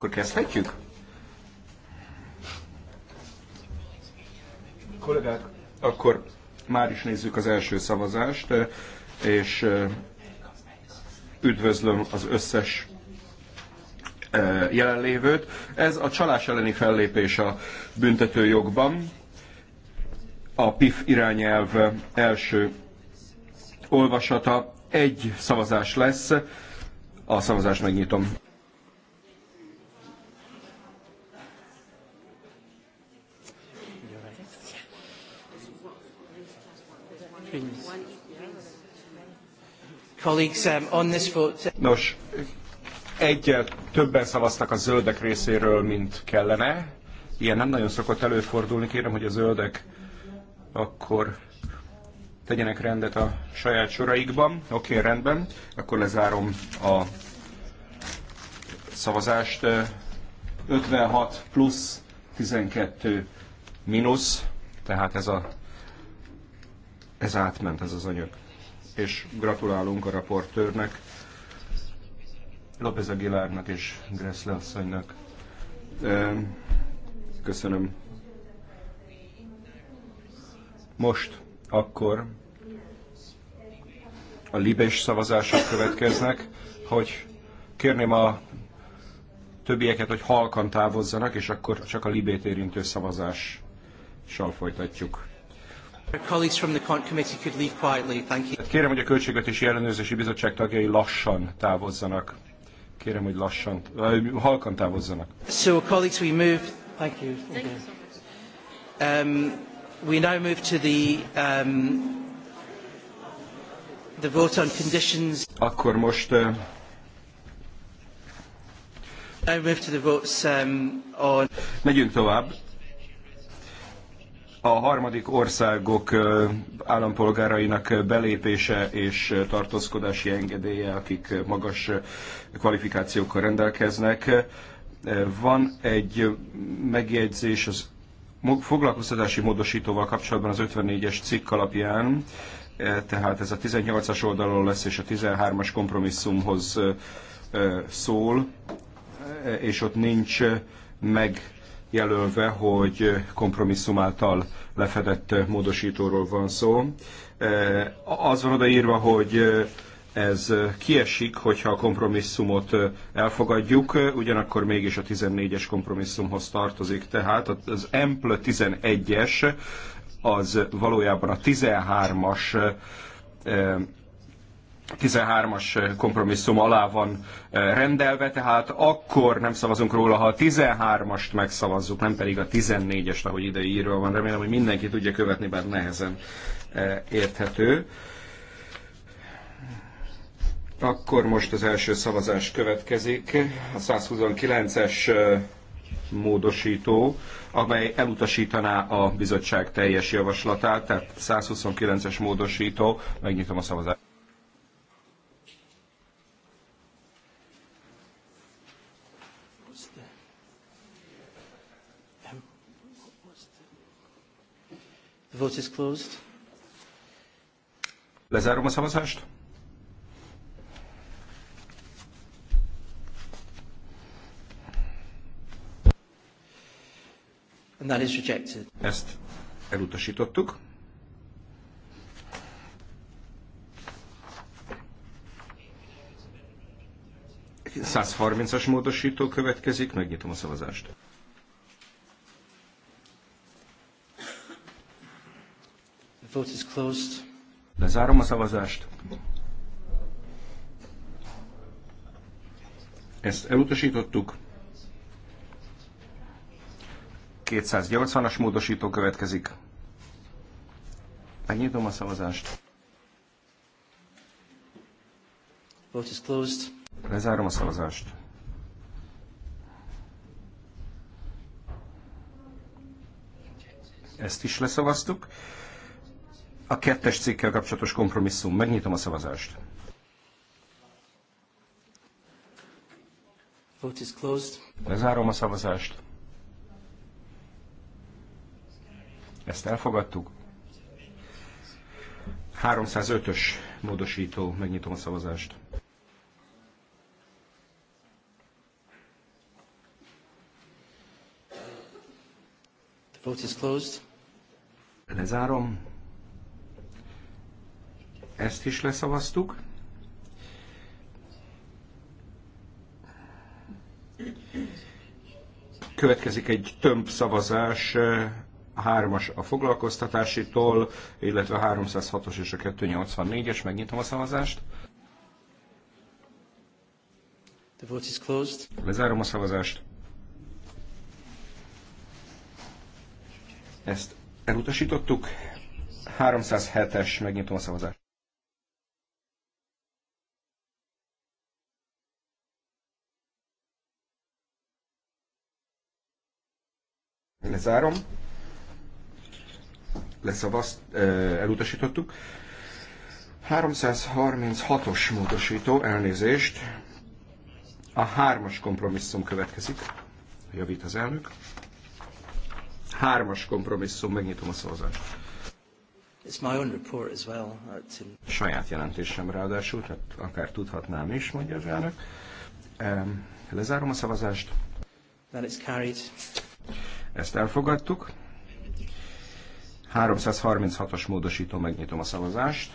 Akkor kezdhetjük? Kollégák, akkor már is nézzük az első szavazást, eh, és eh, üdvözlöm az összes eh, jelenlévőt. Ez a csalás elleni fellépés a büntetőjogban, a PIF irányelv első olvasata. Egy szavazás lesz, a szavazást megnyitom. Um, Nos, egyel többen szavaztak a zöldek részéről, mint kellene. Ilyen nem nagyon szokott előfordulni. Kérem, hogy a zöldek akkor tegyenek rendet a saját soraikban. Oké, okay, rendben. Akkor lezárom a szavazást. 56 plusz 12 mínusz, tehát ez a ez átment ez az anyag és gratulálunk a raportőrnek, López Aguilárnak és Gressle asszonynak. Köszönöm. Most akkor a libes szavazások következnek, hogy kérném a többieket, hogy halkan távozzanak, és akkor csak a libét érintő szavazással folytatjuk. Kérem, hogy a Költségvetési Ellenőrzési Bizottság tagjai lassan távozzanak. Kérem, hogy lassan, halkan távozzanak. So, colleagues, we move. Thank you. um, we now move to the um, the vote on conditions. Akkor most. Uh, now move to the votes um, on. Megyünk tovább a harmadik országok állampolgárainak belépése és tartózkodási engedélye, akik magas kvalifikációkkal rendelkeznek. Van egy megjegyzés az foglalkoztatási módosítóval kapcsolatban az 54-es cikk alapján, tehát ez a 18-as oldalon lesz és a 13-as kompromisszumhoz szól, és ott nincs meg jelölve, hogy kompromisszum által lefedett módosítóról van szó. E, az van odaírva, hogy ez kiesik, hogyha a kompromisszumot elfogadjuk, ugyanakkor mégis a 14-es kompromisszumhoz tartozik. Tehát az Ample 11-es az valójában a 13-as 13-as eh, kompromisszum alá van eh, rendelve, tehát akkor nem szavazunk róla, ha a 13-ast megszavazzuk, nem pedig a 14-est, ahogy ide írva van. Remélem, hogy mindenki tudja követni, bár nehezen eh, érthető. Akkor most az első szavazás következik, a 129-es módosító, amely elutasítaná a bizottság teljes javaslatát, tehát 129-es módosító, megnyitom a szavazást. Vote is closed. Lezárom a szavazást. And that is rejected. Ezt elutasítottuk. Százharmincas módosító következik, megnyitom a szavazást. Vote is closed. Lezárom a szavazást. Ezt elutasítottuk. 280-as módosító következik. Megnyitom a szavazást. Vote is closed. Lezárom a szavazást. Ezt is leszavaztuk. A kettes cikkkel kapcsolatos kompromisszum. Megnyitom a szavazást. Vote is closed. Lezárom a szavazást. Ezt elfogadtuk. 305-ös módosító. Megnyitom a szavazást. The vote is closed. Lezárom. Ezt is leszavaztuk. Következik egy tömb szavazás eh, a 3-as a foglalkoztatásitól, illetve a 306-os és a 284-es. Megnyitom a szavazást. The vote is closed. Lezárom a szavazást. Ezt elutasítottuk. 307-es, megnyitom a szavazást. Lezárom. Leszavazt, elutasítottuk. 336-os módosító, elnézést. A hármas kompromisszum következik. Javít az elnök. Hármas kompromisszum, megnyitom a szavazást. It's my own report as well. In... Saját jelentésem ráadásul, tehát akár tudhatnám is, mondja az elnök. Lezárom a szavazást. Then it's carried. Ezt elfogadtuk. 336-os módosító, megnyitom a szavazást.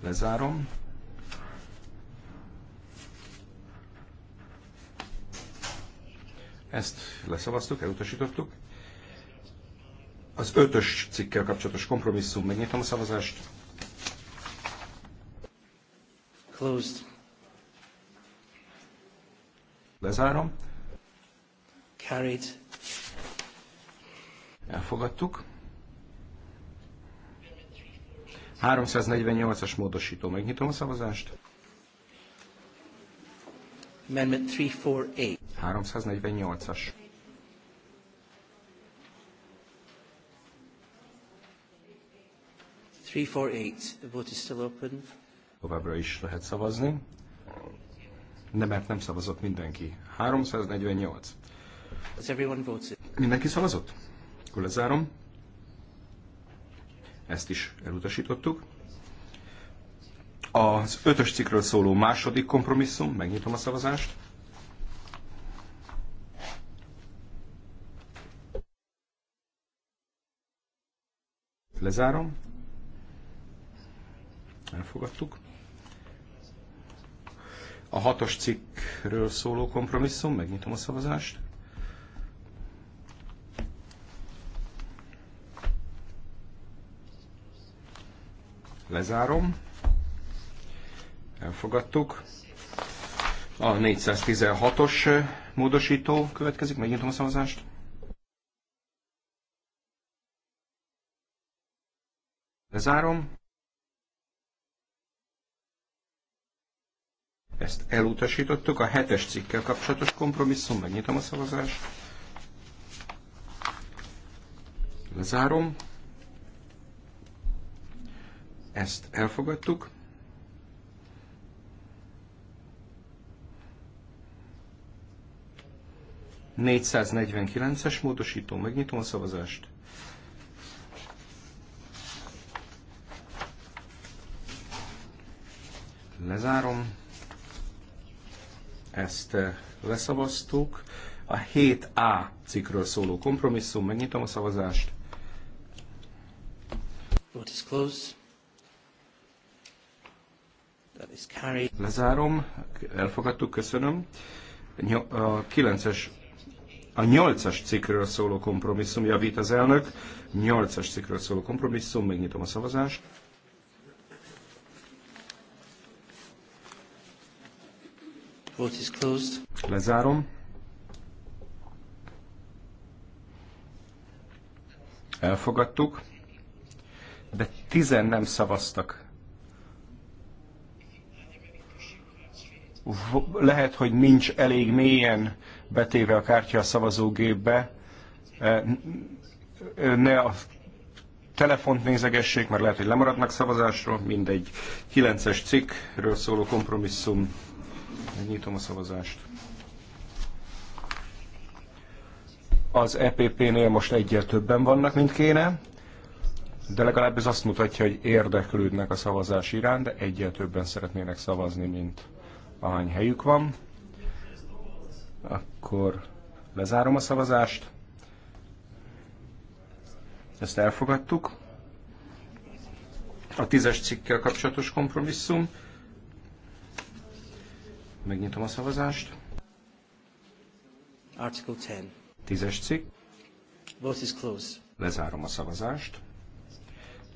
Lezárom. Ezt leszavaztuk, elutasítottuk. Az ötös cikkkel kapcsolatos kompromisszum, megnyitom a szavazást. Closed. Lezárom. Carried. Elfogadtuk. 348-as módosító. Megnyitom a szavazást. Amendment 348. 348-as. Továbbra is lehet szavazni de mert nem szavazott mindenki. 348. Mindenki szavazott? Akkor lezárom. Ezt is elutasítottuk. Az ötös cikről szóló második kompromisszum, megnyitom a szavazást. Lezárom. Elfogadtuk a hatos cikkről szóló kompromisszum, megnyitom a szavazást. Lezárom. Elfogadtuk. A 416-os módosító következik, megnyitom a szavazást. Lezárom. Ezt elutasítottuk. A hetes cikkel kapcsolatos kompromisszum. Megnyitom a szavazást. Lezárom. Ezt elfogadtuk. ...449-es módosító. Megnyitom a szavazást. Lezárom ezt eh, leszavaztuk. A 7A cikkről szóló kompromisszum, megnyitom a szavazást. Lezárom, elfogadtuk, köszönöm. A 9-es a 8-as cikkről szóló kompromisszum, javít az elnök, 8-as cikkről szóló kompromisszum, megnyitom a szavazást. Lezárom. Elfogadtuk, de tizen nem szavaztak. Lehet, hogy nincs elég mélyen betéve a kártya a szavazógépbe. E, e, ne a telefont nézegessék, mert lehet, hogy lemaradnak szavazásról, mindegy. 9-es cikkről szóló kompromisszum Megnyitom a szavazást. Az EPP-nél most egyel többen vannak, mint kéne, de legalább ez azt mutatja, hogy érdeklődnek a szavazás irán, de egyel többen szeretnének szavazni, mint ahány helyük van. Akkor lezárom a szavazást. Ezt elfogadtuk. A tízes cikkkel kapcsolatos kompromisszum. Megnyitom a szavazást. Article 10. Tízes cikk. Vote is closed. Lezárom a szavazást.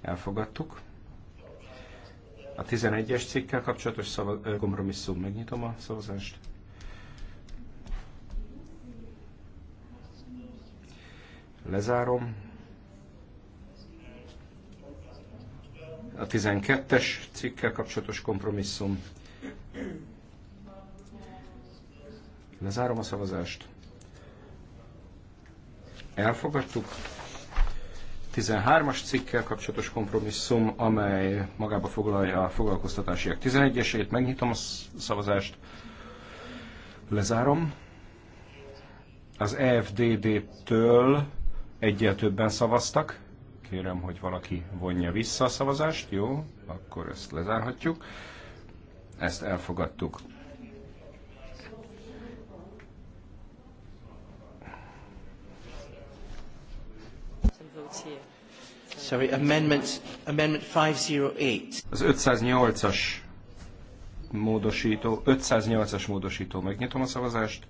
Elfogadtuk. A 11-es cikkkel kapcsolatos szava, kompromisszum. Megnyitom a szavazást. Lezárom. A 12-es cikkkel kapcsolatos kompromisszum. Lezárom a szavazást. Elfogadtuk. 13-as cikkkel kapcsolatos kompromisszum, amely magába foglalja a foglalkoztatásiak 11-esét. Megnyitom a szavazást. Lezárom. Az EFDD-től egyel többen szavaztak. Kérem, hogy valaki vonja vissza a szavazást. Jó, akkor ezt lezárhatjuk. Ezt elfogadtuk. amendments here. Sorry, amendment, amendment 508. Az 508-as módosító, 508-as módosító. Megnyitom a szavazást.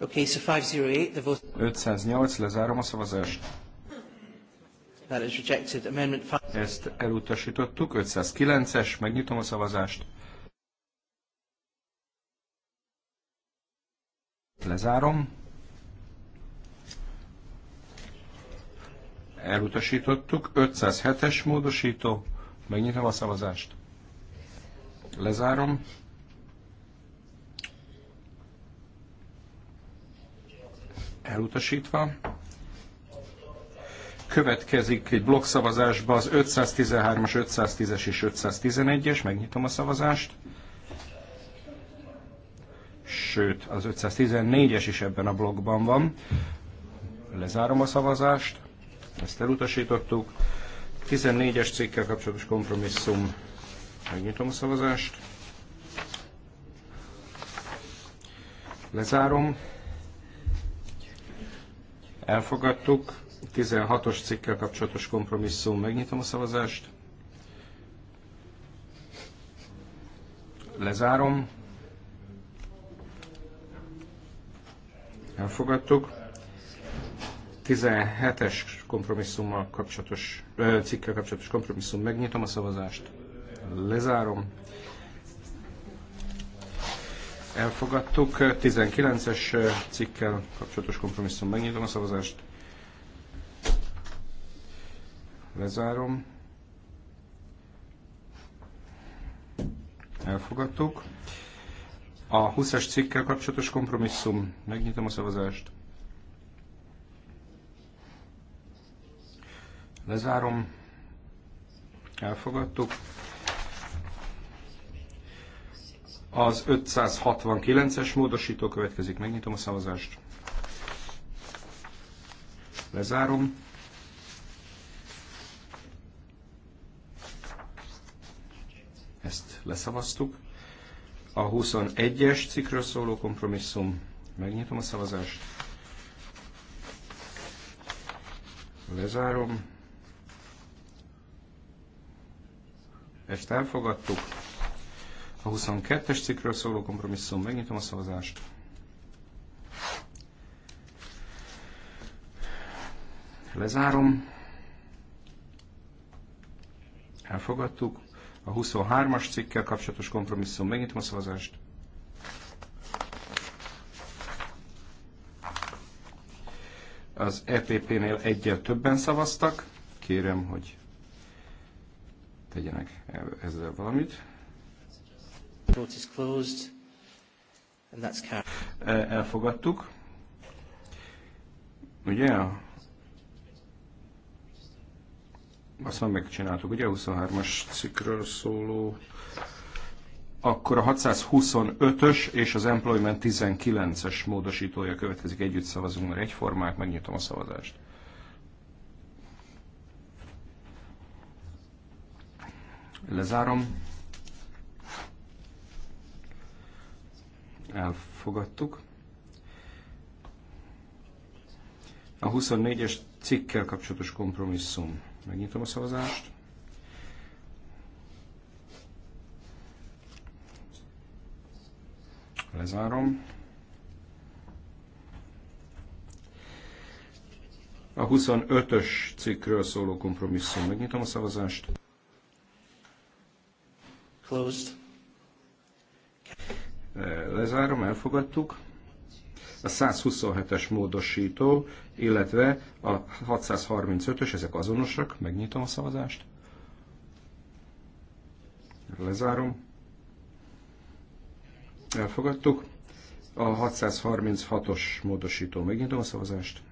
Okay, so 508, the vote. 508, lezárom a szavazást. That is rejected. Amendment 5. Ezt elutasítottuk, 509-es, megnyitom a szavazást. lezárom. Elutasítottuk. 507-es módosító. Megnyitom a szavazást. Lezárom. Elutasítva. Következik egy blokkszavazásba az 513-as, 510-es és 511-es. Megnyitom a szavazást sőt az 514-es is ebben a blokkban van. Lezárom a szavazást, ezt elutasítottuk. 14-es cikkkel kapcsolatos kompromisszum, megnyitom a szavazást. Lezárom. Elfogadtuk. 16-os cikkkel kapcsolatos kompromisszum, megnyitom a szavazást. Lezárom. elfogadtuk. 17-es kompromisszummal kapcsolatos, cikkel kapcsolatos kompromisszum, megnyitom a szavazást, lezárom. Elfogadtuk. 19-es cikkel kapcsolatos kompromisszum, megnyitom a szavazást, lezárom. Elfogadtuk. A 20-as cikkkel kapcsolatos kompromisszum. Megnyitom a szavazást. Lezárom. Elfogadtuk. Az 569-es módosító következik. Megnyitom a szavazást. Lezárom. Ezt leszavaztuk. A 21-es cikkről szóló kompromisszum. Megnyitom a szavazást. Lezárom. Ezt elfogadtuk. A 22-es cikkről szóló kompromisszum. Megnyitom a szavazást. Lezárom. Elfogadtuk. A 23-as cikkkel kapcsolatos kompromisszum. Megnyitom a szavazást. Az EPP-nél egyel többen szavaztak. Kérem, hogy tegyenek ezzel valamit. E- elfogadtuk. Ugye? Azt már megcsináltuk, ugye 23-as cikkről szóló. Akkor a 625-ös és az Employment 19-es módosítója következik. Együtt szavazunk, mert egyformák, megnyitom a szavazást. Lezárom. Elfogadtuk. A 24-es cikkkel kapcsolatos kompromisszum. Megnyitom a szavazást. Lezárom. A 25-ös cikkről szóló kompromisszum. Megnyitom a szavazást. Closed. Lezárom, elfogadtuk a 127-es módosító, illetve a 635-ös, ezek azonosak, megnyitom a szavazást. Lezárom. Elfogadtuk. A 636-os módosító, megnyitom a szavazást.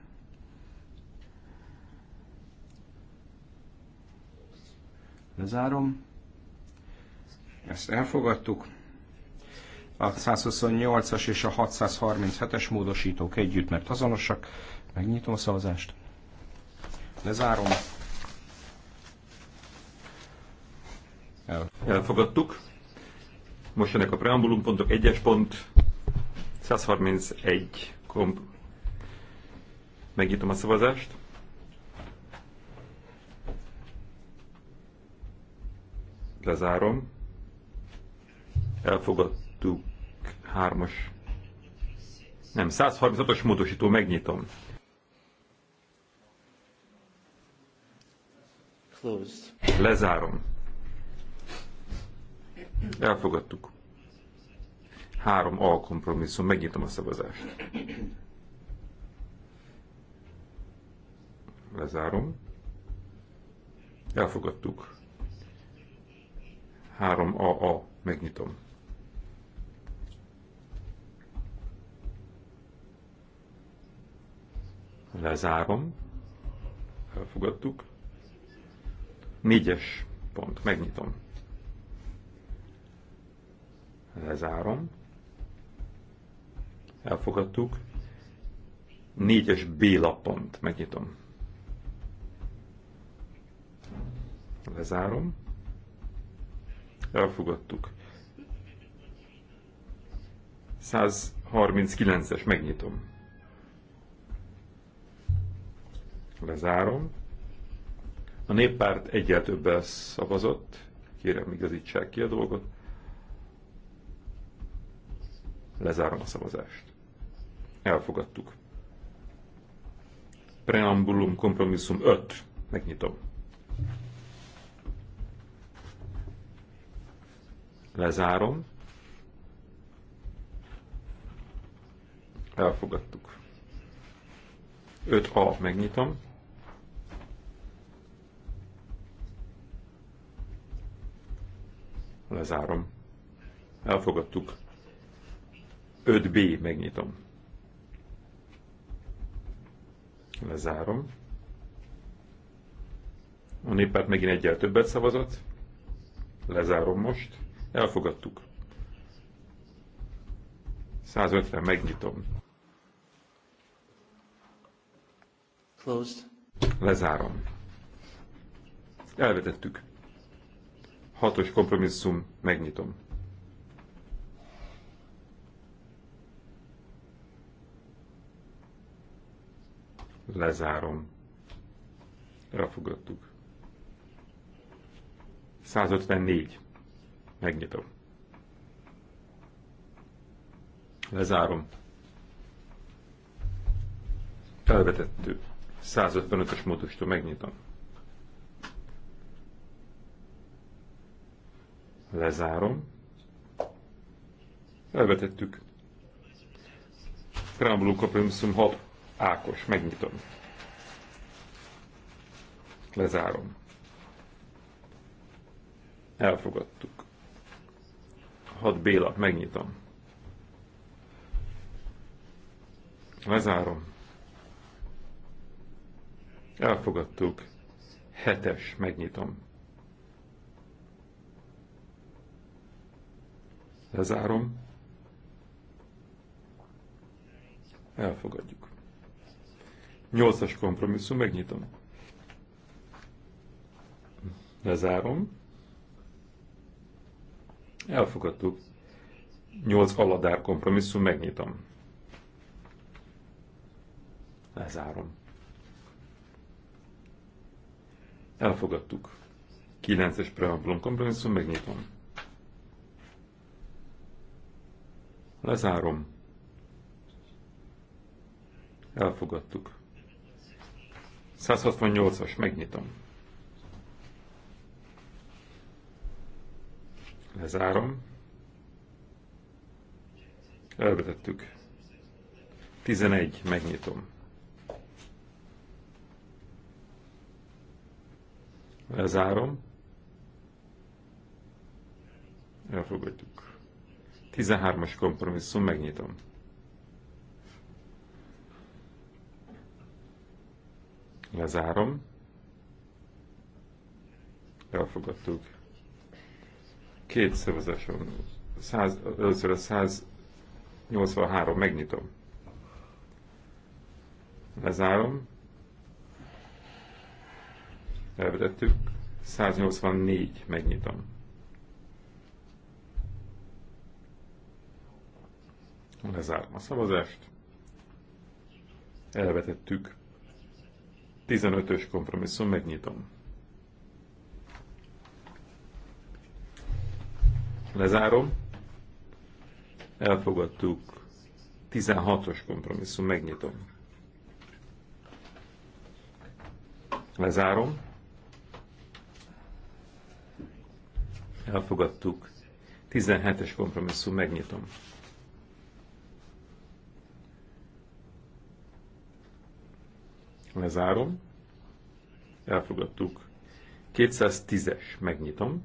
Lezárom. Ezt elfogadtuk a 128-as és a 637-es módosítók együtt, mert azonosak. Megnyitom a szavazást. Lezárom. El. Elfogadtuk. Most jönnek a preambulum pontok. Egyes pont. 131 komp. Megnyitom a szavazást. Lezárom. Elfogadtuk. 103-as. Nem, 136-os módosító, megnyitom. Lezárom. Elfogadtuk. Három A kompromisszum, megnyitom a szavazást. Lezárom. Elfogadtuk. 3 A, A, megnyitom. Lezárom. Elfogadtuk. Négyes pont. Megnyitom. Lezárom. Elfogadtuk. Négyes B lappont. Megnyitom. Lezárom. Elfogadtuk. 139-es. Megnyitom. Lezárom. A néppárt egyet többel szavazott. Kérem, igazítsák ki a dolgot. Lezárom a szavazást. Elfogadtuk. Preambulum kompromisszum 5. Megnyitom. Lezárom. Elfogadtuk. 5A megnyitom. Lezárom. Elfogadtuk. 5B, megnyitom. Lezárom. A néppárt megint egyel többet szavazott. Lezárom most. Elfogadtuk. 150, megnyitom. Closed. Lezárom. Elvetettük. Hatos kompromisszum, megnyitom. Lezárom. Elfogadtuk. 154. Megnyitom. Lezárom. Felvetettő. 155-ös módustól megnyitom. Lezárom. Elvetettük. Preambulum kompromisszum 6. Ákos. Megnyitom. Lezárom. Elfogadtuk. 6. Béla. Megnyitom. Lezárom. Elfogadtuk. Hetes. Megnyitom. Lezárom. Elfogadjuk. Nyolcas kompromisszum, megnyitom. Lezárom. Elfogadtuk. Nyolc aladár kompromisszum, megnyitom. Lezárom. Elfogadtuk. Kilences preambulum kompromisszum, megnyitom. Lezárom. Elfogadtuk. 168-as, megnyitom. Lezárom. Elvetettük. 11, megnyitom. Lezárom. Elfogadjuk. 13-as kompromisszum, megnyitom. Lezárom. Elfogadtuk. Két szavazáson. Száz, először a 183, megnyitom. Lezárom. Elvedettük. 184, megnyitom. Lezárom a szavazást. Elvetettük. 15-ös kompromisszum, megnyitom. Lezárom. Elfogadtuk. 16-os kompromisszum, megnyitom. Lezárom. Elfogadtuk. 17-es kompromisszum, megnyitom. Lezárom. Elfogadtuk. 210-es. Megnyitom.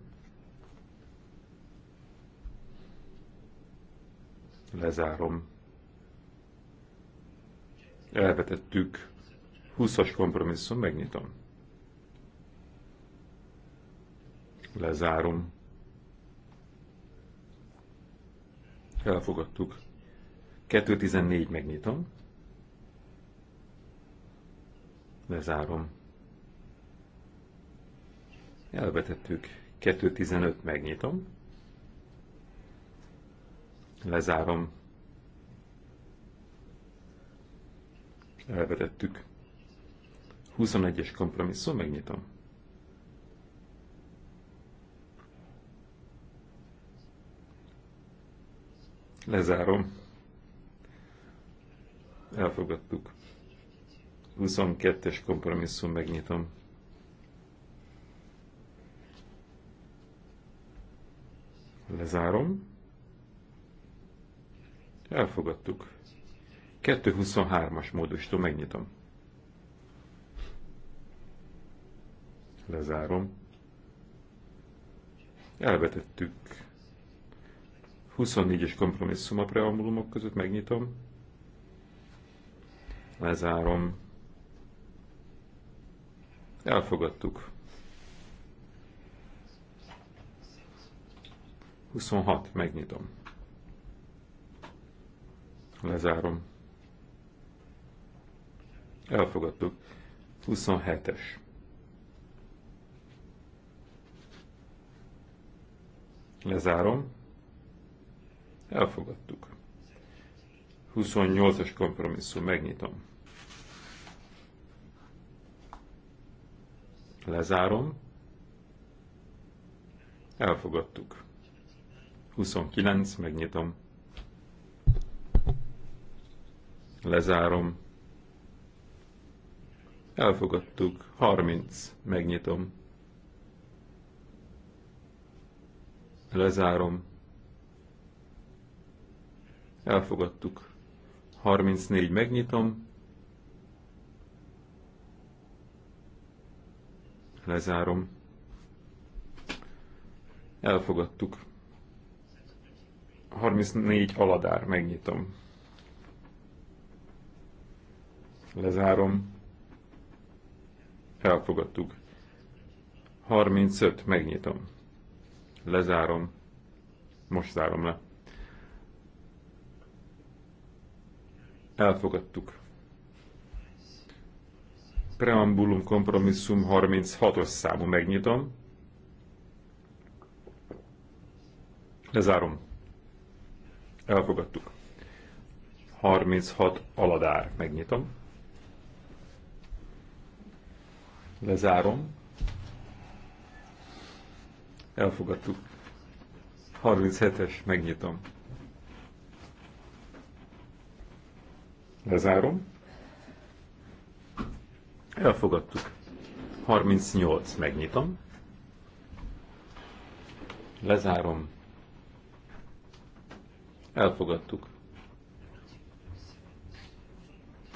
Lezárom. Elvetettük. 20-as kompromisszum. Megnyitom. Lezárom. Elfogadtuk. 214 megnyitom. Lezárom. Elvetettük. 2.15 megnyitom. Lezárom. Elvetettük. 21-es kompromisszum, megnyitom. Lezárom. Elfogadtuk. 22-es kompromisszum megnyitom. Lezárom. Elfogadtuk. 223-as módustól megnyitom. Lezárom. Elvetettük. 24-es kompromisszum a preambulumok között, megnyitom. Lezárom. Elfogadtuk. 26, megnyitom. Lezárom. Elfogadtuk. 27-es. Lezárom. Elfogadtuk. 28-as kompromisszum, megnyitom. Lezárom. Elfogadtuk. 29, megnyitom. Lezárom. Elfogadtuk. 30, megnyitom. Lezárom. Elfogadtuk. 34, megnyitom. Lezárom. Elfogadtuk. 34 aladár, megnyitom. Lezárom. Elfogadtuk. 35, megnyitom. Lezárom. Most zárom le. Elfogadtuk. Preambulum kompromisszum 36-os számú megnyitom. Lezárom. Elfogadtuk. 36 aladár. Megnyitom. Lezárom. Elfogadtuk. 37-es. Megnyitom. Lezárom. Elfogadtuk. 38. Megnyitom. Lezárom. Elfogadtuk.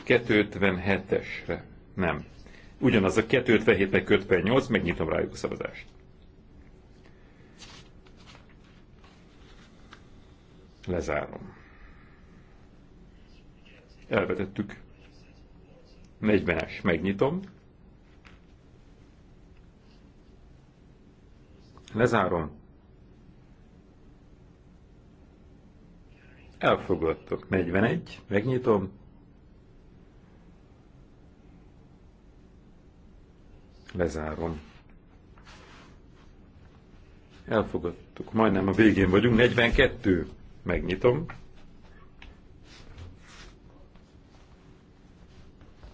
257-esre. Nem. Ugyanaz a 257 meg 58, megnyitom rájuk a szavazást. Lezárom. Elvetettük. 40-es, megnyitom. Lezárom. Elfogadtok. 41, megnyitom. Lezárom. Elfogadtuk. Majdnem a végén vagyunk. 42. Megnyitom.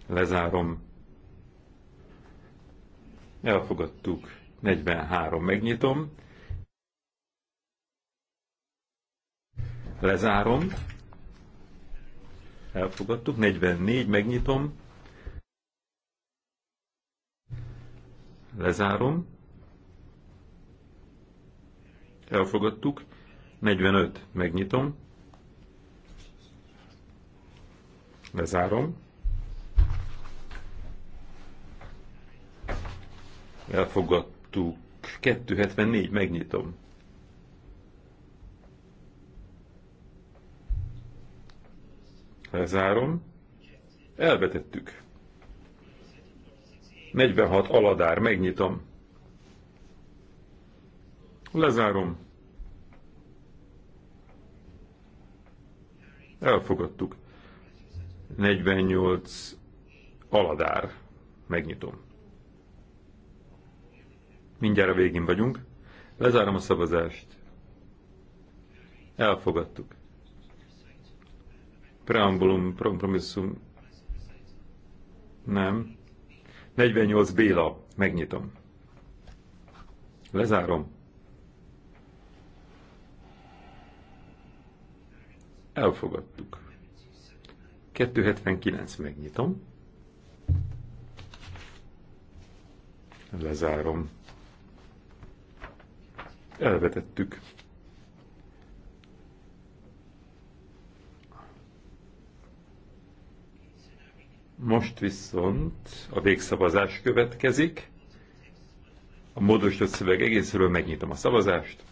Lezárom. Elfogadtuk. 43. Megnyitom. Lezárom. Elfogadtuk. 44. Megnyitom. Lezárom. Elfogadtuk. 45. Megnyitom. Lezárom. Elfogadtuk. 274, megnyitom. Lezárom. Elvetettük. 46 aladár, megnyitom. Lezárom. Elfogadtuk. 48 aladár. Megnyitom. Mindjárt a végén vagyunk. Lezárom a szavazást. Elfogadtuk. Preambulum, kompromisszum. Nem. 48 Béla. Megnyitom. Lezárom. Elfogadtuk. 279 megnyitom. Lezárom elvetettük. Most viszont a végszavazás következik. A módosított szöveg egészről megnyitom a szavazást.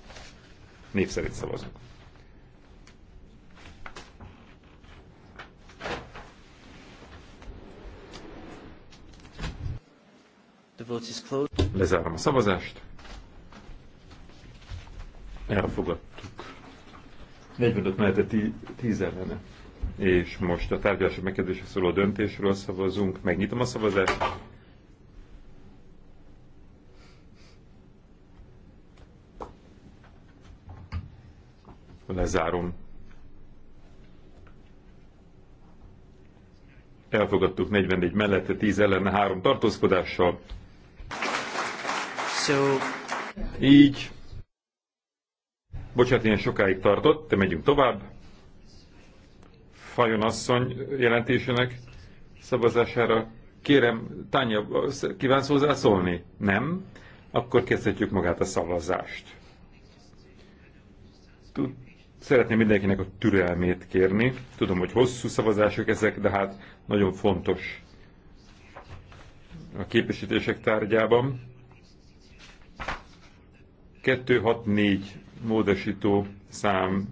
Név szerint szavazunk. Lezárom a szavazást elfogadtuk. 45 mellette 10 ellene. És most a tárgyalási megkérdésre szóló döntésről szavazunk. Megnyitom a szavazást. Lezárom. Elfogadtuk 44 mellette 10 ellen 3 tartózkodással. So... Így Bocsánat, ilyen sokáig tartott, de megyünk tovább. Fajon asszony jelentésének szavazására kérem, Tánya, kívánsz hozzászólni? Nem? Akkor kezdhetjük magát a szavazást. Tud, szeretném mindenkinek a türelmét kérni. Tudom, hogy hosszú szavazások ezek, de hát nagyon fontos a képesítések tárgyában. 264 módosító szám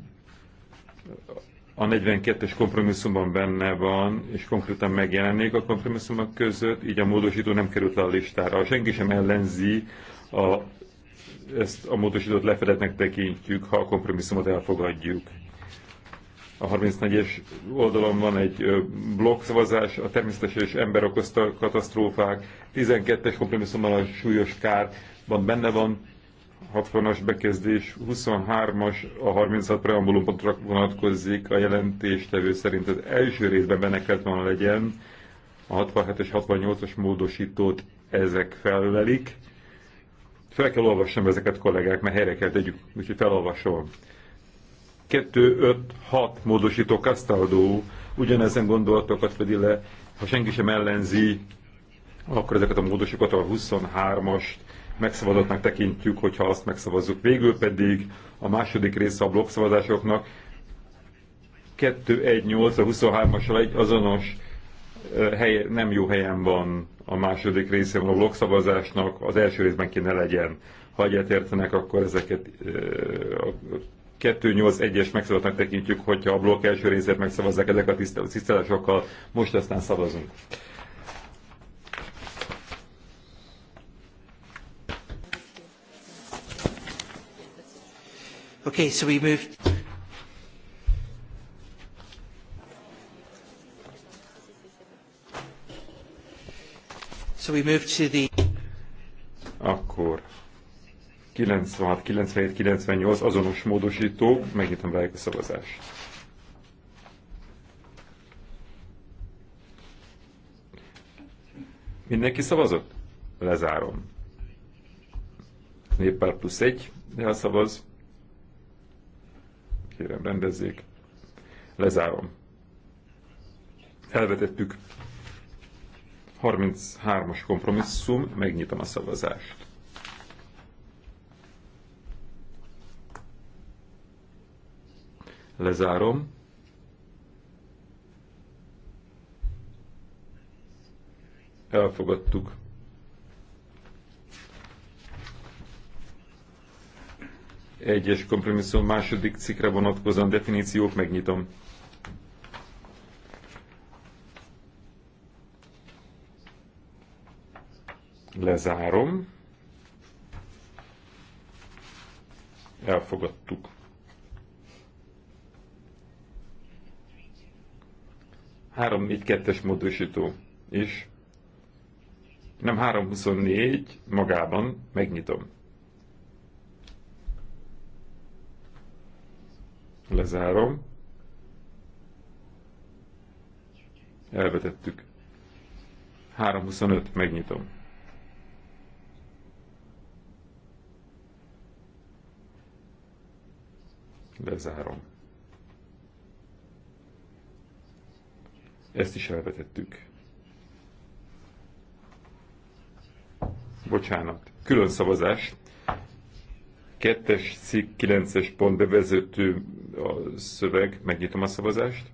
a 42-es kompromisszumban benne van, és konkrétan megjelenik a kompromisszumok között, így a módosító nem került le a listára. Senki sem ellenzi, a, ezt a módosítót lefedetnek tekintjük, ha a kompromisszumot elfogadjuk. A 34-es oldalon van egy blokkszavazás, a természetes és ember okozta katasztrófák, 12-es kompromisszumban a súlyos kár van benne van, 60-as bekezdés 23-as a 36 preambulumpontra vonatkozik, a jelentéstevő szerint az első részben benne kellett volna legyen, a 67-es, 68-as módosítót ezek felvelik. Fel kell olvasnom ezeket kollégák, mert helyre kell tegyük, úgyhogy felolvasom. 2, 5, 6 módosító Castaldo ugyanezen gondolatokat fedi le, ha senki sem ellenzi, akkor ezeket a módosokat a 23-ast megszavazatnak tekintjük, hogyha azt megszavazzuk. Végül pedig a második része a blokkszavazásoknak 218 a 23 egy azonos hely, nem jó helyen van a második része a blokkszavazásnak, az első részben kéne legyen. Ha egyetértenek, akkor ezeket a 281-es megszavazatnak tekintjük, hogyha a blokk első részét megszavazzák ezek a tisztelásokkal, most aztán szavazunk. Okay, so we moved. So we moved to the... Akkor 96, 97, 98 azonos módosítók, megnyitom rájuk a szavazást. Mindenki szavazott? Lezárom. Néppár plusz egy szavaz kérem rendezzék. Lezárom. Elvetettük 33-as kompromisszum, megnyitom a szavazást. Lezárom. Elfogadtuk egyes kompromisszum második cikre vonatkozóan definíciók, megnyitom. Lezárom. Elfogadtuk. Három, négy, kettes módosító. És nem 324 magában, megnyitom. Lezárom. Elvetettük. 325, megnyitom. Lezárom. Ezt is elvetettük. Bocsánat. Külön szavazást. Kettes cikk, kilences pont bevezető a szöveg. Megnyitom a szavazást.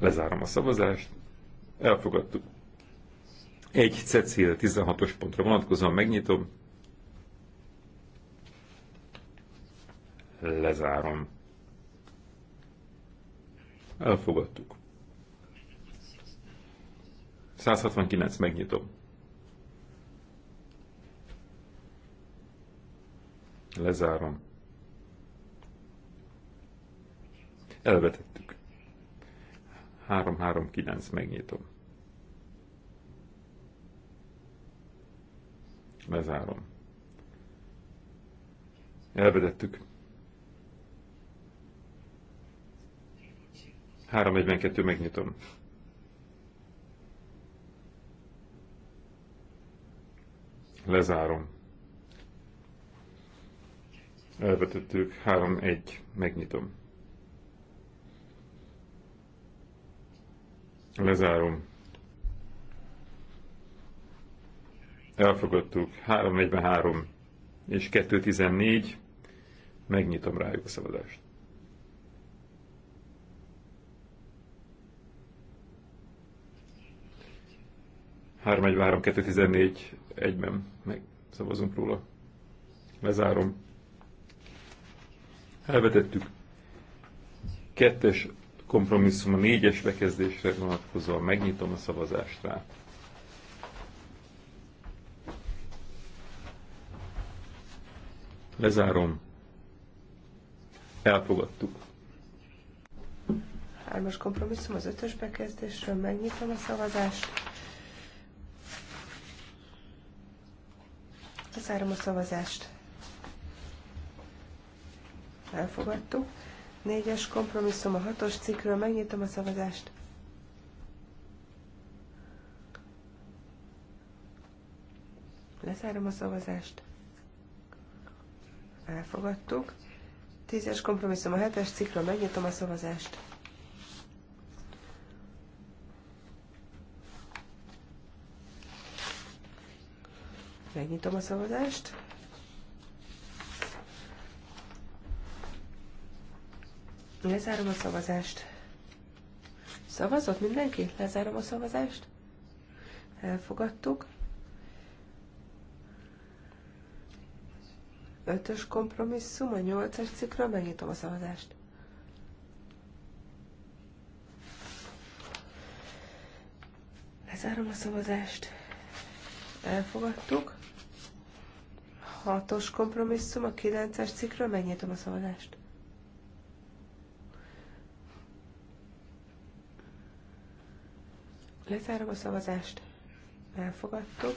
Lezárom a szavazást. Elfogadtuk. Egy Cecil 16-os pontra vonatkozóan megnyitom. Lezárom. Elfogadtuk. 169, megnyitom. Lezárom. Elvetettük. 339, megnyitom. Lezárom. Elvetettük. 342 megnyitom. Lezárom. Elvetettük 3-1. Megnyitom. Lezárom. Elfogadtuk 3 343 és 2-14, Megnyitom rájuk a szabadást. 313 214 egyben meg szavazunk róla. Lezárom. Elvetettük. Kettes kompromisszum a négyes bekezdésre vonatkozóan megnyitom a szavazást rá. Lezárom. Elfogadtuk. Hármas kompromisszum az ötös bekezdésről megnyitom a szavazást. Lezárom a szavazást. Elfogadtuk. Négyes kompromisszum a hatos cikkről. Megnyitom a szavazást. Lezárom a szavazást. Elfogadtuk. Tízes kompromisszum a hetes cikkről. Megnyitom a szavazást. megnyitom a szavazást. Lezárom a szavazást. Szavazott mindenki? Lezárom a szavazást. Elfogadtuk. Ötös kompromisszum a nyolcas cikkről. Megnyitom a szavazást. Lezárom a szavazást. Elfogadtuk hatos kompromisszum a kilences cikkről. Megnyitom a szavazást. Lezárom a szavazást. Elfogadtuk.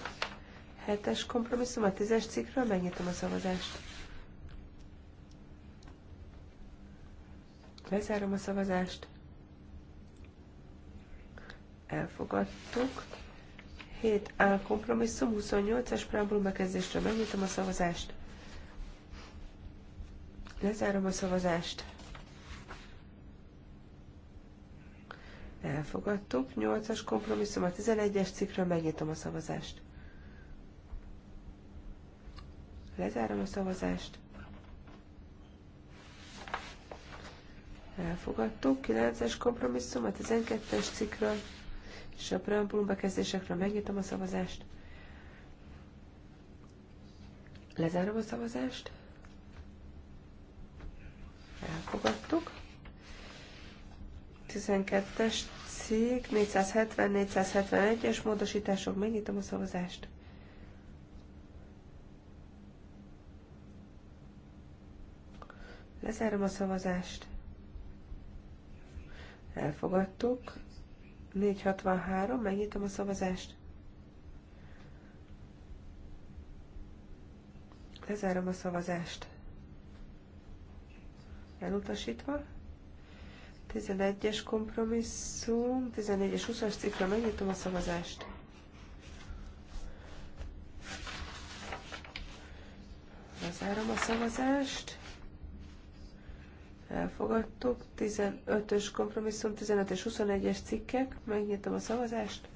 Hetes kompromisszum a tízes cikkről. Megnyitom a szavazást. Lezárom a szavazást. Elfogadtuk. 7A kompromisszum, 28-as preambul bekezdésről megnyitom a szavazást. Lezárom a szavazást. Elfogadtuk. 8-as kompromisszum a 11-es cikkről megnyitom a szavazást. Lezárom a szavazást. Elfogadtuk. 9-es kompromisszum a 12-es cikkről és a preambulum bekezdésekről megnyitom a szavazást. Lezárom a szavazást. Elfogadtuk. 12-es cég, 470-471-es módosítások, megnyitom a szavazást. Lezárom a szavazást. Elfogadtuk. 463, megnyitom a szavazást. Lezárom a szavazást. Elutasítva. 11-es kompromisszum, 14-es 20-as cikkre megnyitom a szavazást. Lezárom a szavazást elfogadtuk. 15-ös kompromisszum, 15 és 21-es cikkek, megnyitom a szavazást.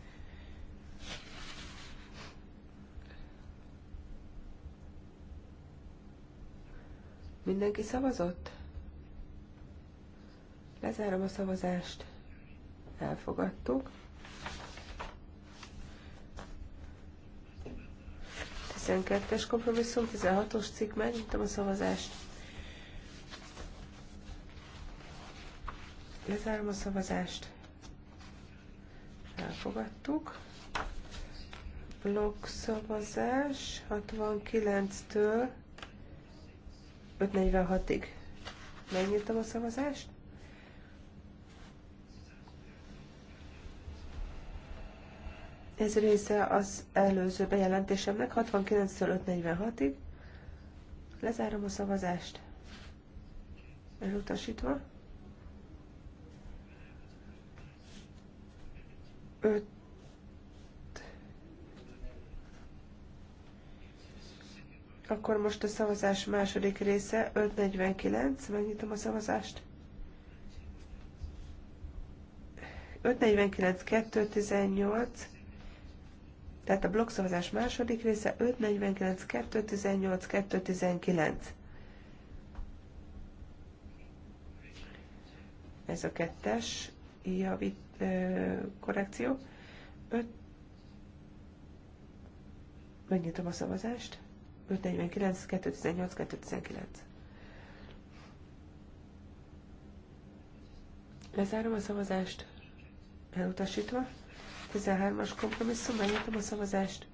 Mindenki szavazott? Lezárom a szavazást. Elfogadtuk. 12-es kompromisszum, 16-os cikk, megnyitom a szavazást. Lezárom a szavazást. Elfogadtuk. szavazás 69-től 546-ig. Megnyitom a szavazást. Ez része az előző bejelentésemnek 69-től 546-ig. Lezárom a szavazást. Elutasítva. 5 Akkor most a szavazás második része, 549, megnyitom a szavazást. 549, 218, tehát a blokkszavazás második része, 549, 218, 219. Ez a kettes javít korrekció. Öt... Megnyitom a szavazást. 549, 218, 219. Lezárom a szavazást, elutasítva. 13-as kompromisszum, megnyitom a szavazást.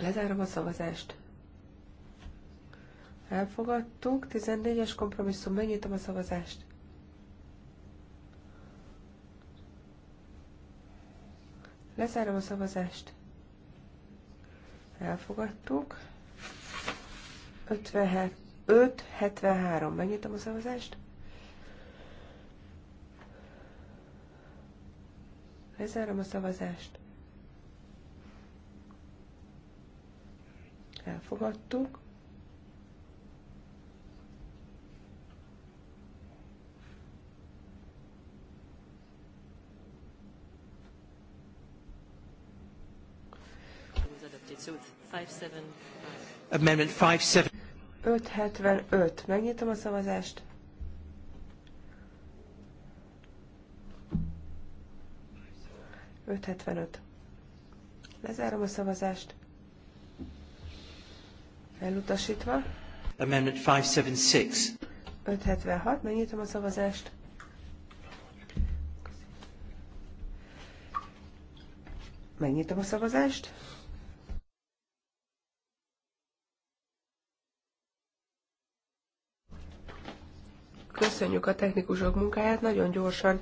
Lezárom a szavazást. Elfogadtuk. 14-es kompromisszum. Megnyitom a szavazást. Lezárom a szavazást. Elfogadtuk. 5, 73. Megnyitom a szavazást. Lezárom a szavazást. Elfogadtuk. adopted. So 575. Amendment 575. 575. Megnyitom a szavazást. Öt hetvenöt. Lezárom a szavazást. Elutasítva. Amendment 576. 576. Megnyitom a szavazást. Megnyitom a szavazást. köszönjük a technikusok munkáját, nagyon gyorsan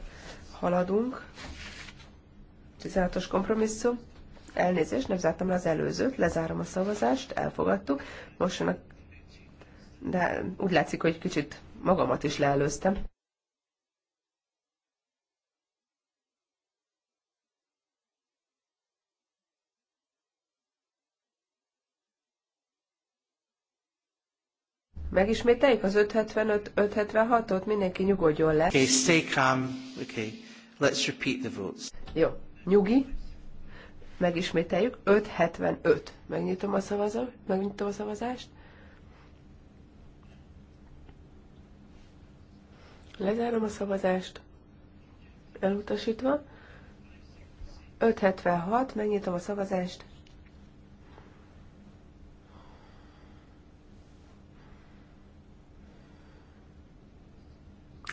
haladunk. 16-os kompromisszum. Elnézést, nem zártam le az előzőt, lezárom a szavazást, elfogadtuk. Most jön a... De úgy látszik, hogy kicsit magamat is leelőztem. Megismételjük az 575-576-ot, mindenki nyugodjon le. Okay, stay calm. Okay, let's repeat the votes. Jó, nyugi. Megismételjük. 575. Megnyitom a szavazást. Megnyitom a szavazást. Lezárom a szavazást. Elutasítva. 576. Megnyitom a szavazást.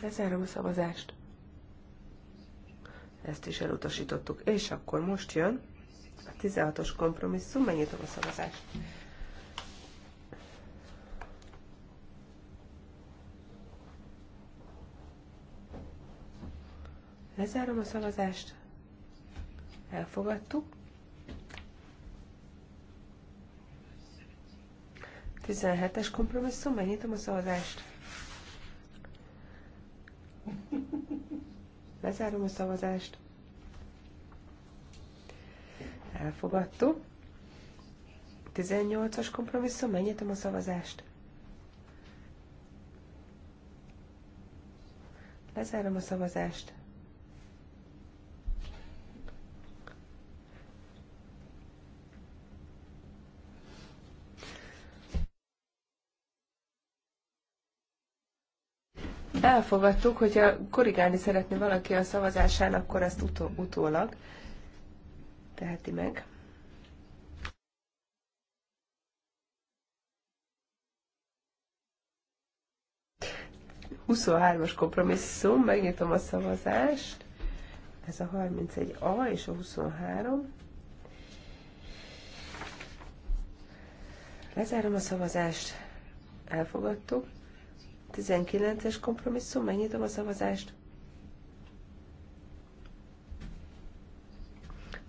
Lezárom a szavazást. Ezt is elutasítottuk. És akkor most jön a 16-os kompromisszum. Megnyitom a szavazást. Lezárom a szavazást. Elfogadtuk. 17-es kompromisszum, megnyitom a szavazást. Lezárom a szavazást. Elfogadtuk. 18-as kompromisszum, megnyitom a szavazást. Lezárom a szavazást. elfogadtuk, hogyha korrigálni szeretné valaki a szavazásán, akkor ezt utó, utólag teheti meg. as kompromisszum, megnyitom a szavazást. Ez a 31A és a 23. Lezárom a szavazást, elfogadtuk. 19-es kompromisszum, megnyitom a szavazást.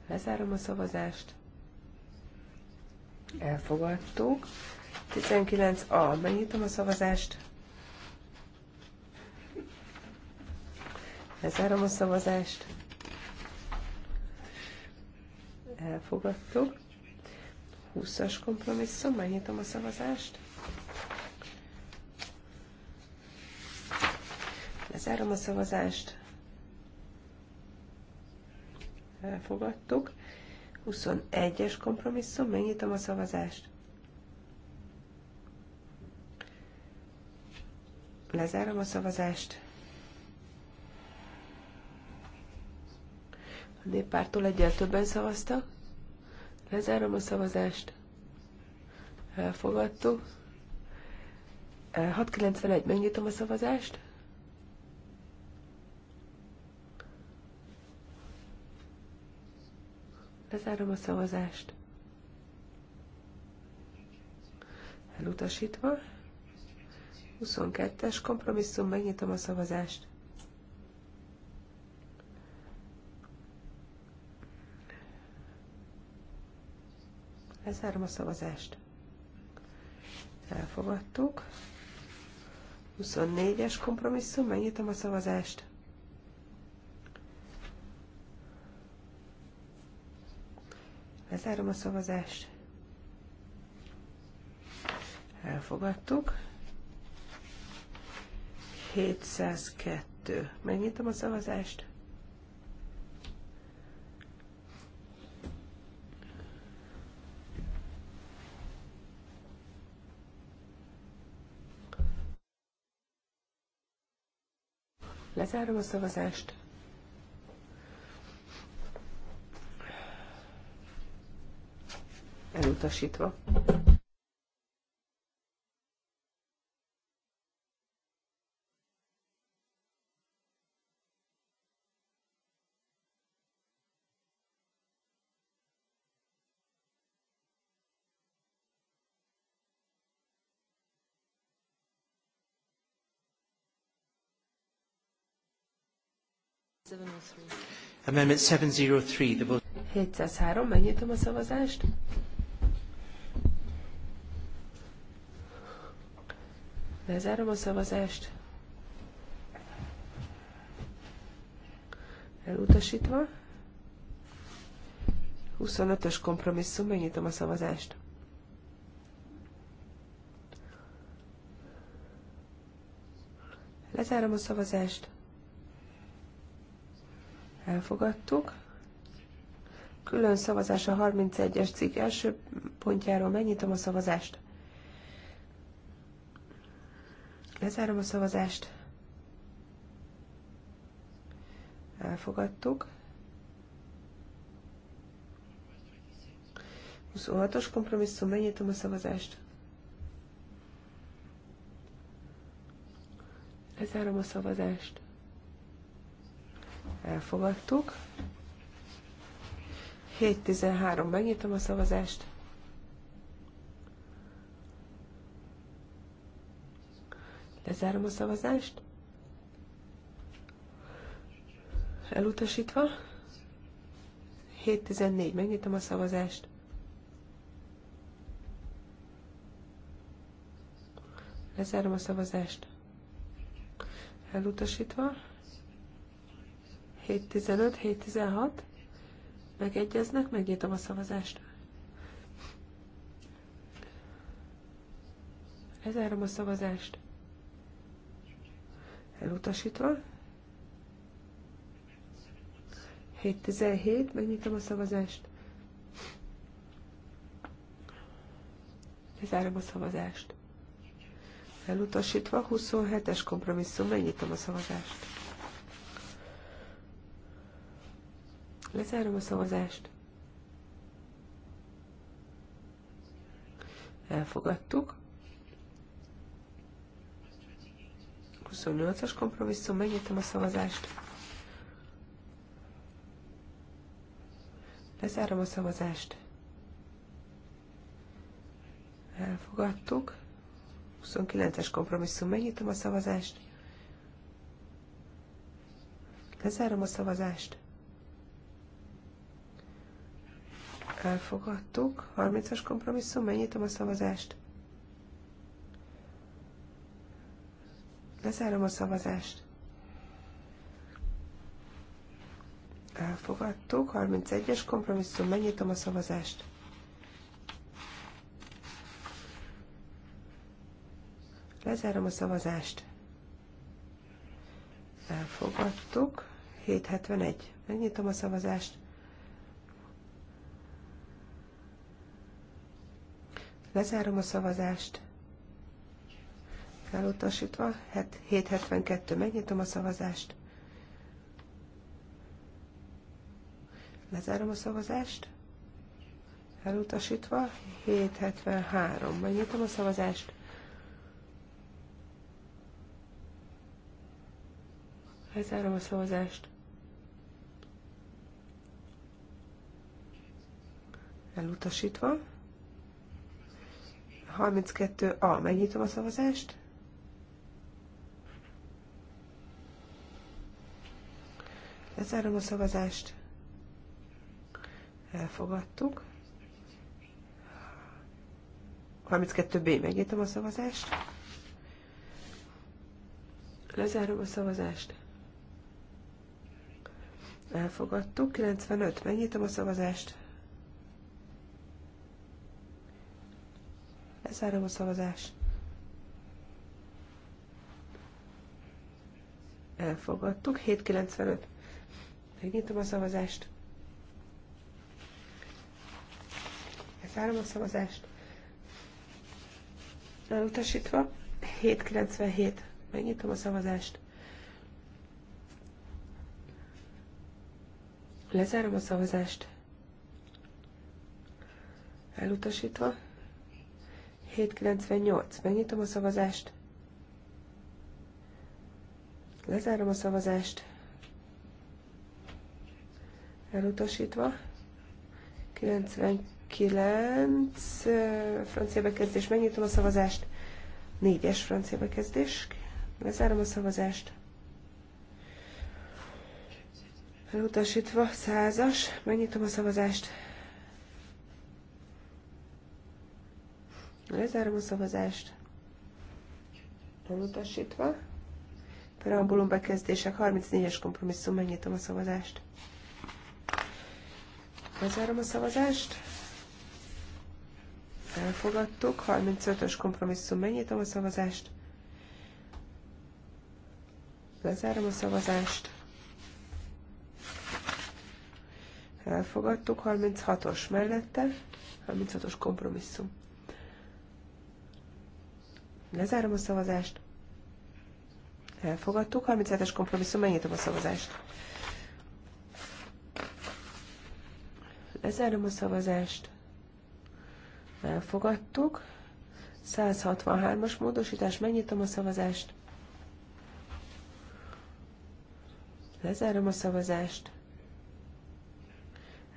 Lezárom a szavazást. Elfogadtuk. 19A, megnyitom a szavazást. Lezárom a szavazást. Elfogadtuk. 20-as kompromisszum, megnyitom a szavazást. Lezárom a szavazást. Elfogadtuk. 21-es kompromisszum, megnyitom a szavazást. Lezárom a szavazást. A néppártól egyel többen szavaztak. Lezárom a szavazást. Elfogadtuk. 691, megnyitom a szavazást. Lezárom a szavazást. Elutasítva. 22-es kompromisszum, megnyitom a szavazást. Lezárom a szavazást. Elfogadtuk. 24-es kompromisszum, megnyitom a szavazást. Lezárom a szavazást. Elfogadtuk. 702. Megnyitom a szavazást. Lezárom a szavazást. elutasítva. Amendment 703. The 703. a szavazást. Lezárom a szavazást. Elutasítva. 25-ös kompromisszum, megnyitom a szavazást. Lezárom a szavazást. Elfogadtuk. Külön szavazás a 31-es cikk első pontjáról. Megnyitom a szavazást. Lezárom a szavazást. Elfogadtuk. 26-os kompromisszum, megnyitom a szavazást. Lezárom a szavazást. Elfogadtuk. 7-13, megnyitom a szavazást. Lezárom a szavazást. Elutasítva. 7.14. Megnyitom a szavazást. Lezárom a szavazást. Elutasítva. 7.15, 7.16. Megegyeznek, megnyitom a szavazást. Lezárom a szavazást elutasítva. 7.17, megnyitom a szavazást. Lezárom a szavazást. Elutasítva, 27-es kompromisszum, megnyitom a szavazást. Lezárom a szavazást. Elfogadtuk. 28-as kompromisszum, megnyitom a szavazást. Lezárom a szavazást. Elfogadtuk. 29-es kompromisszum, megnyitom a szavazást. Lezárom a szavazást. Elfogadtuk. 30-as kompromisszum, megnyitom a szavazást. Lezárom a szavazást. Elfogadtuk. 31-es kompromisszum. Megnyitom a szavazást. Lezárom a szavazást. Elfogadtuk. 771. Megnyitom a szavazást. Lezárom a szavazást elutasítva, 772, megnyitom a szavazást, lezárom a szavazást, elutasítva, 773, megnyitom a szavazást, lezárom a szavazást, elutasítva, 32A, megnyitom a szavazást, Lezárom a szavazást. Elfogadtuk. 32B, megnyitom a szavazást. Lezárom a szavazást. Elfogadtuk. 95, megnyitom a szavazást. Lezárom a szavazást. Elfogadtuk. 795. Megnyitom a szavazást. Lezárom a szavazást. Elutasítva. 797. Megnyitom a szavazást. Lezárom a szavazást. Elutasítva. 798. Megnyitom a szavazást. Lezárom a szavazást elutasítva. 99 francia bekezdés, megnyitom a szavazást. 4-es francia bekezdés, lezárom a szavazást. Elutasítva, 100-as, megnyitom a szavazást. Lezárom a szavazást. Elutasítva. Preambulum bekezdések, 34-es kompromisszum, megnyitom a szavazást. Lezárom a szavazást. Elfogadtuk. 35-ös kompromisszum. Megnyitom a szavazást. Lezárom a szavazást. Elfogadtuk. 36-os mellette. 36-os kompromisszum. Lezárom a szavazást. Elfogadtuk. 37-es kompromisszum. Megnyitom a szavazást. Lezárom a szavazást. Elfogadtuk. 163-as módosítás, megnyitom a szavazást. Lezárom a szavazást.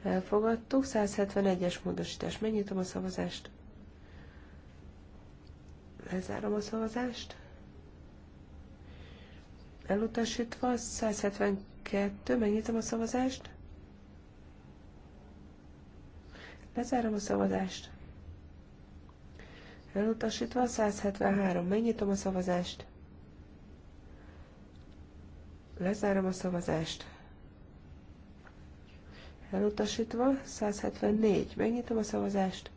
Elfogadtuk. 171-es módosítás, megnyitom a szavazást. Lezárom a szavazást. Elutasítva, 172, megnyitom a szavazást. Lezárom a szavazást. Elutasítva 173. Megnyitom a szavazást. Lezárom a szavazást. Elutasítva 174. Megnyitom a szavazást.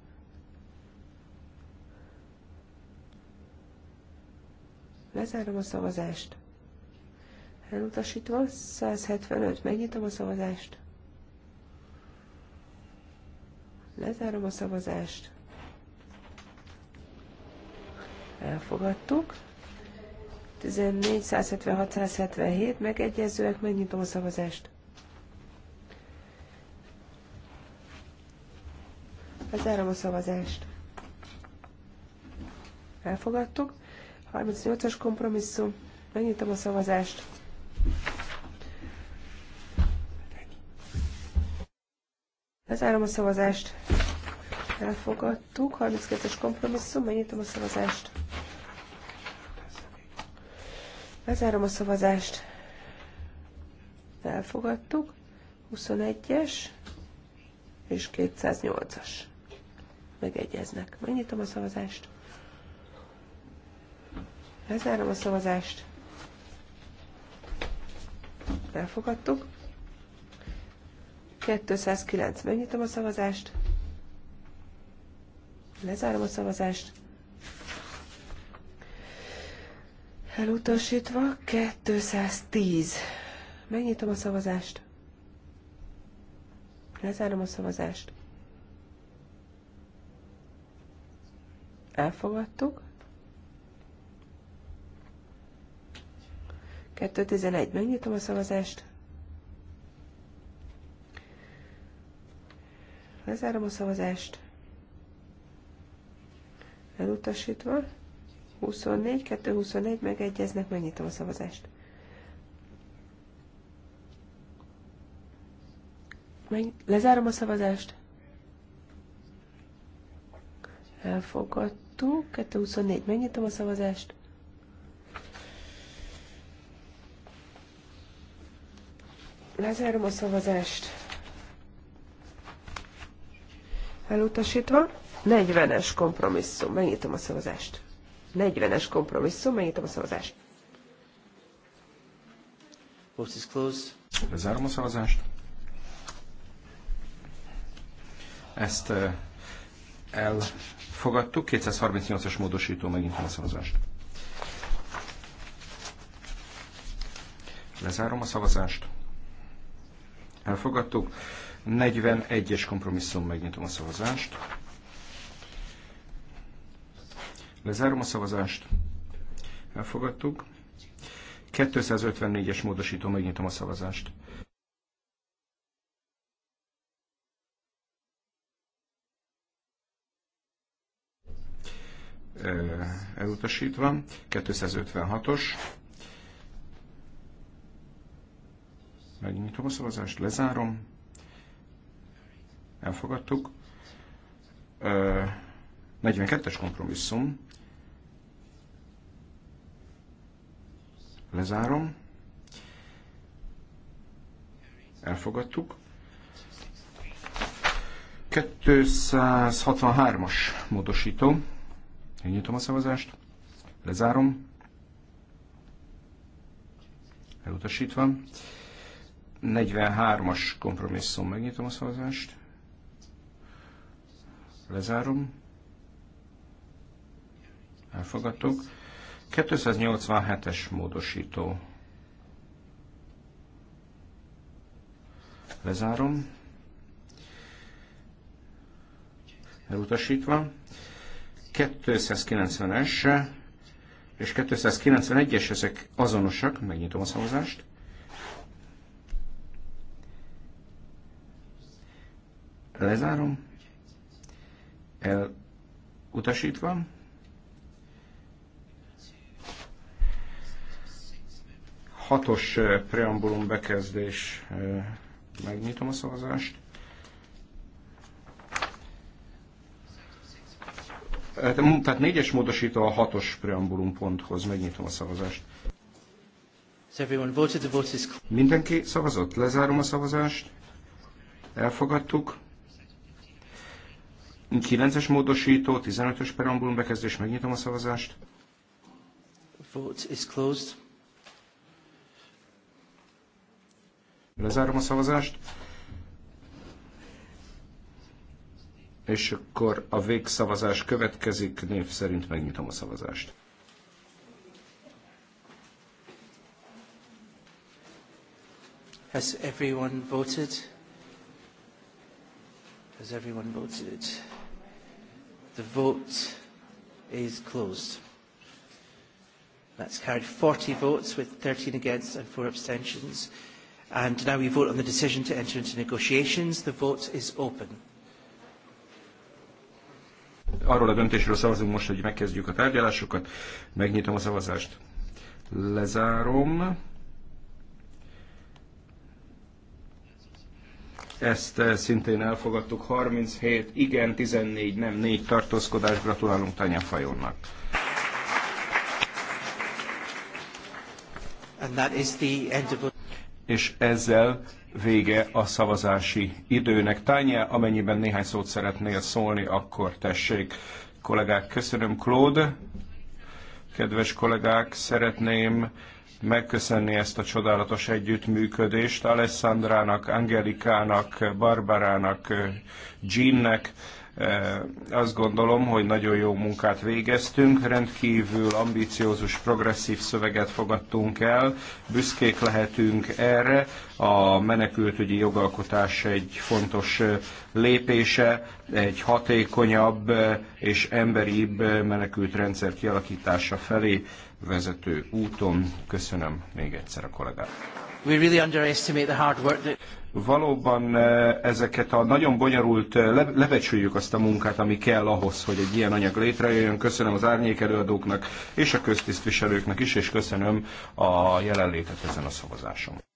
Lezárom a szavazást. Elutasítva 175. Megnyitom a szavazást. Lezárom a szavazást. Elfogadtuk. 14, 176, 177 megegyezőek, megnyitom a szavazást. Lezárom a szavazást. Elfogadtuk. 38-as kompromisszum. Megnyitom a szavazást. Lezárom a szavazást. Elfogadtuk. 32-es kompromisszum. Megnyitom a szavazást. Lezárom a szavazást. Elfogadtuk. 21-es és 208-as. Megegyeznek. Megnyitom a szavazást. Lezárom a szavazást. Elfogadtuk. 209. Megnyitom a szavazást. Lezárom a szavazást. Elutasítva 210. Megnyitom a szavazást. Lezárom a szavazást. Elfogadtuk. 211. Megnyitom a szavazást. Lezárom a szavazást. Elutasítva. 24, 2, 24 megegyeznek, megnyitom a szavazást. Meg, lezárom a szavazást. Elfogadtuk. 24. Megnyitom a szavazást. Lezárom a szavazást elutasítva. 40-es kompromisszum, megnyitom a szavazást. 40-es kompromisszum, megnyitom a szavazást. Vote is closed. Lezárom a szavazást. Ezt elfogadtuk. 238-as módosító, megnyitom a szavazást. Lezárom a szavazást. Elfogadtuk. 41-es kompromisszum, megnyitom a szavazást. Lezárom a szavazást. Elfogadtuk. 254-es módosító, megnyitom a szavazást. elutasítva, 256-os. Megnyitom a szavazást, lezárom elfogadtuk. 42-es kompromisszum. Lezárom. Elfogadtuk. 263-as módosító. Én nyitom a szavazást. Lezárom. Elutasítva. 43-as kompromisszum. Megnyitom a szavazást. Lezárom. Elfogadtuk. 287-es módosító. Lezárom. Elutasítva. 290-es és 291-es, ezek azonosak. Megnyitom a szavazást. Lezárom elutasítva. Hatos eh, preambulum bekezdés, eh, megnyitom a szavazást. Eh, tehát négyes módosító a hatos preambulum ponthoz, megnyitom a szavazást. Mindenki szavazott? Lezárom a szavazást. Elfogadtuk. 9-es módosító, 15-ös perambulum bekezdés, megnyitom a szavazást. Vote is closed. Lezárom a szavazást. És akkor a végszavazás következik, név szerint megnyitom a szavazást. Has everyone voted? Has everyone voted? The vote is closed. That's carried 40 votes with 13 against and 4 abstentions. And now we vote on the decision to enter into negotiations. The vote is open. Arról a döntésről szavazunk most, hogy megkezdjük a tárgyalásokat. Megnyitom a szavazást. Lezárom. ezt eh, szintén elfogadtuk. 37 igen, 14 nem, 4 tartózkodás. Gratulálunk Tanya Fajonnak. Of... És ezzel vége a szavazási időnek. Tanya, amennyiben néhány szót szeretnél szólni, akkor tessék. Kollégák, köszönöm. Claude, kedves kollégák, szeretném megköszönni ezt a csodálatos együttműködést Alessandrának, Angelikának, Barbarának, Jeannek. Eh, azt gondolom, hogy nagyon jó munkát végeztünk, rendkívül ambiciózus, progresszív szöveget fogadtunk el, büszkék lehetünk erre. A menekültügyi jogalkotás egy fontos eh, lépése, egy hatékonyabb eh, és emberibb menekültrendszer kialakítása felé vezető úton. Köszönöm még egyszer a kollégát. We really underestimate the hard work that... Valóban eh, ezeket a nagyon bonyolult, eh, lebecsüljük azt a munkát, ami kell ahhoz, hogy egy ilyen anyag létrejöjjön. Köszönöm az árnyék előadóknak és a köztisztviselőknek is, és köszönöm a jelenlétet ezen a szavazáson.